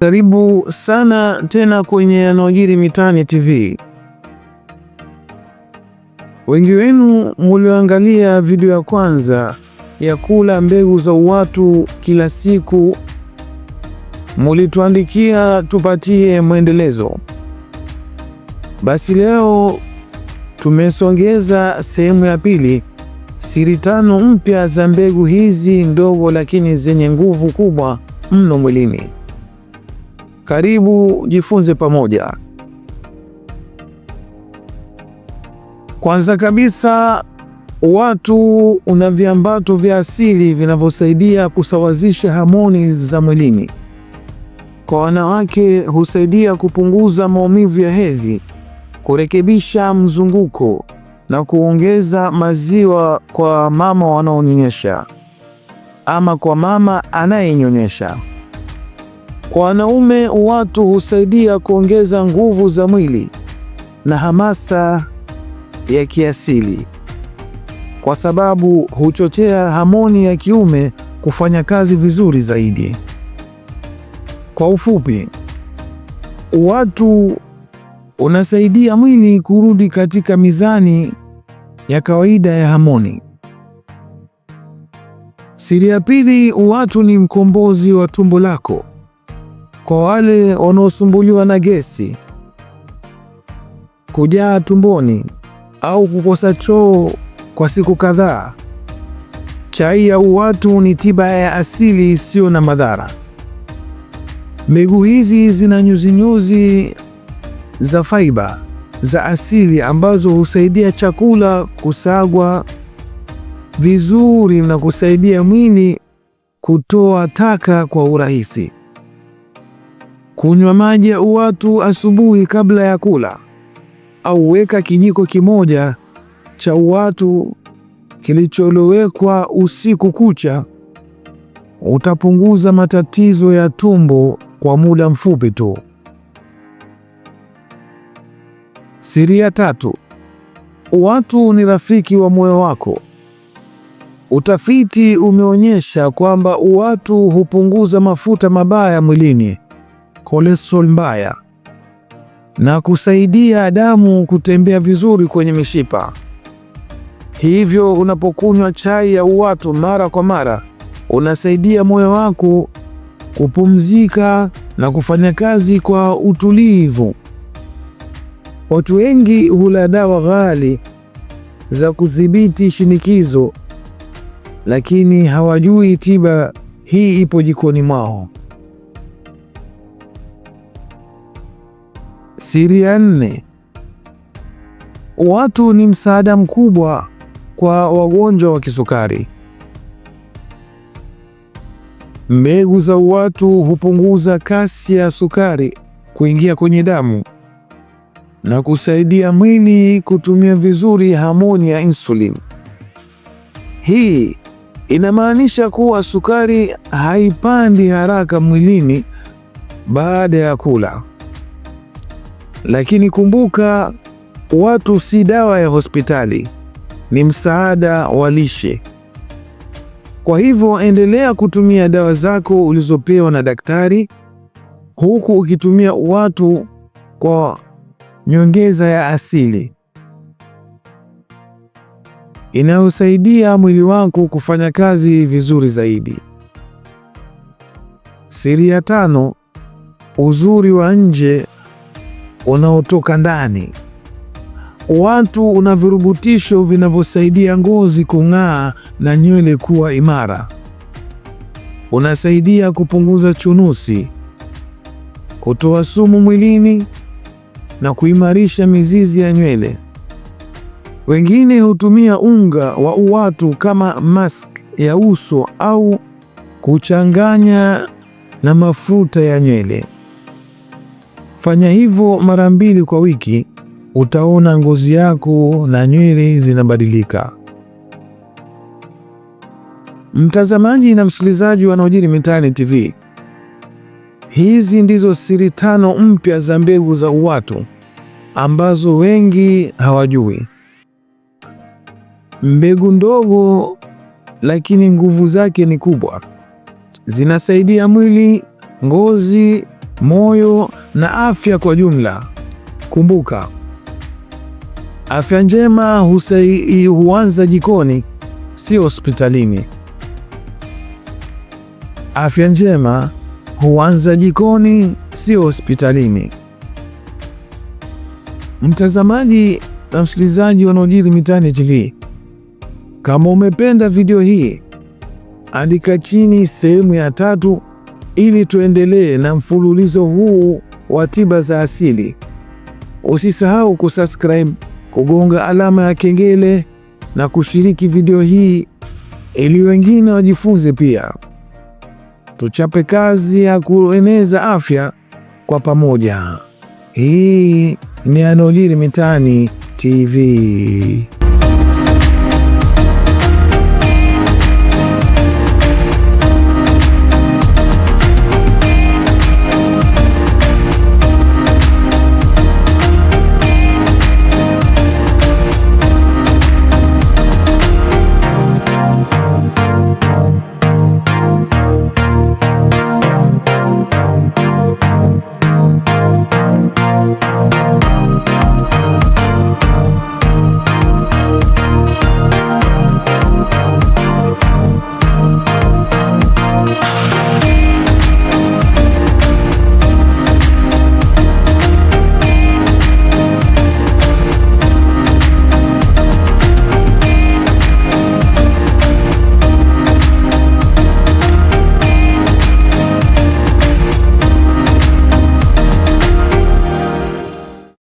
Karibu sana tena kwenye yanayojiri mitaani TV. Wengi wenu mulioangalia video ya kwanza ya kula mbegu za uwatu kila siku, mulituandikia tupatie mwendelezo. Basi leo tumesongeza sehemu ya pili, siri tano mpya za mbegu hizi ndogo lakini zenye nguvu kubwa mno mwilini. Karibu jifunze pamoja. Kwanza kabisa, watu una viambato vya asili vinavyosaidia kusawazisha homoni za mwilini. Kwa wanawake husaidia kupunguza maumivu ya hedhi, kurekebisha mzunguko na kuongeza maziwa kwa mama wanaonyonyesha ama kwa mama anayenyonyesha. Kwa wanaume, watu husaidia kuongeza nguvu za mwili na hamasa ya kiasili, kwa sababu huchochea homoni ya kiume kufanya kazi vizuri zaidi. Kwa ufupi, watu unasaidia mwili kurudi katika mizani ya kawaida ya homoni. Siri ya pili, watu ni mkombozi wa tumbo lako. Kwa wale wanaosumbuliwa na gesi, kujaa tumboni au kukosa choo kwa siku kadhaa, chai ya uwatu ni tiba ya asili isiyo na madhara. Mbegu hizi zina nyuzinyuzi za faiba za asili ambazo husaidia chakula kusagwa vizuri na kusaidia mwili kutoa taka kwa urahisi kunywa maji ya uwatu asubuhi kabla ya kula, au weka kijiko kimoja cha uwatu kilicholowekwa usiku kucha, utapunguza matatizo ya tumbo kwa muda mfupi tu. Siri ya tatu: uwatu ni rafiki wa moyo wako. Utafiti umeonyesha kwamba uwatu hupunguza mafuta mabaya mwilini cholesterol mbaya na kusaidia damu kutembea vizuri kwenye mishipa. Hivyo unapokunywa chai ya uwatu mara kwa mara, unasaidia moyo wako kupumzika na kufanya kazi kwa utulivu. Watu wengi hula dawa ghali za kudhibiti shinikizo, lakini hawajui tiba hii ipo jikoni mwao. Siri ya nne: watu ni msaada mkubwa kwa wagonjwa wa kisukari. Mbegu za uwatu hupunguza kasi ya sukari kuingia kwenye damu na kusaidia mwili kutumia vizuri homoni ya insulin. Hii inamaanisha kuwa sukari haipandi haraka mwilini baada ya kula. Lakini kumbuka, watu si dawa ya hospitali, ni msaada wa lishe. Kwa hivyo endelea kutumia dawa zako ulizopewa na daktari, huku ukitumia watu kwa nyongeza ya asili inayosaidia mwili wako kufanya kazi vizuri zaidi. Siri ya tano: uzuri wa nje unaotoka ndani. Watu una virubutisho vinavyosaidia ngozi kung'aa na nywele kuwa imara. Unasaidia kupunguza chunusi, kutoa sumu mwilini na kuimarisha mizizi ya nywele. Wengine hutumia unga wa uwatu kama mask ya uso au kuchanganya na mafuta ya nywele. Fanya hivyo mara mbili kwa wiki, utaona ngozi yako na nywele zinabadilika. Mtazamaji na msikilizaji wa yanayojiri mitaani TV, hizi ndizo siri tano mpya za mbegu za UWATU ambazo wengi hawajui. Mbegu ndogo lakini nguvu zake ni kubwa, zinasaidia mwili, ngozi moyo na afya kwa jumla. Kumbuka, afya njema husai, huanza jikoni, si hospitalini. Afya njema huanza jikoni, si hospitalini. Mtazamaji na msikilizaji Yanayojiri Mitaani TV, kama umependa video hii, andika chini sehemu ya tatu ili tuendelee na mfululizo huu wa tiba za asili. Usisahau kusubscribe, kugonga alama ya kengele na kushiriki video hii ili wengine wajifunze pia. Tuchape kazi ya kueneza afya kwa pamoja. Hii ni yanayojiri mitaani TV.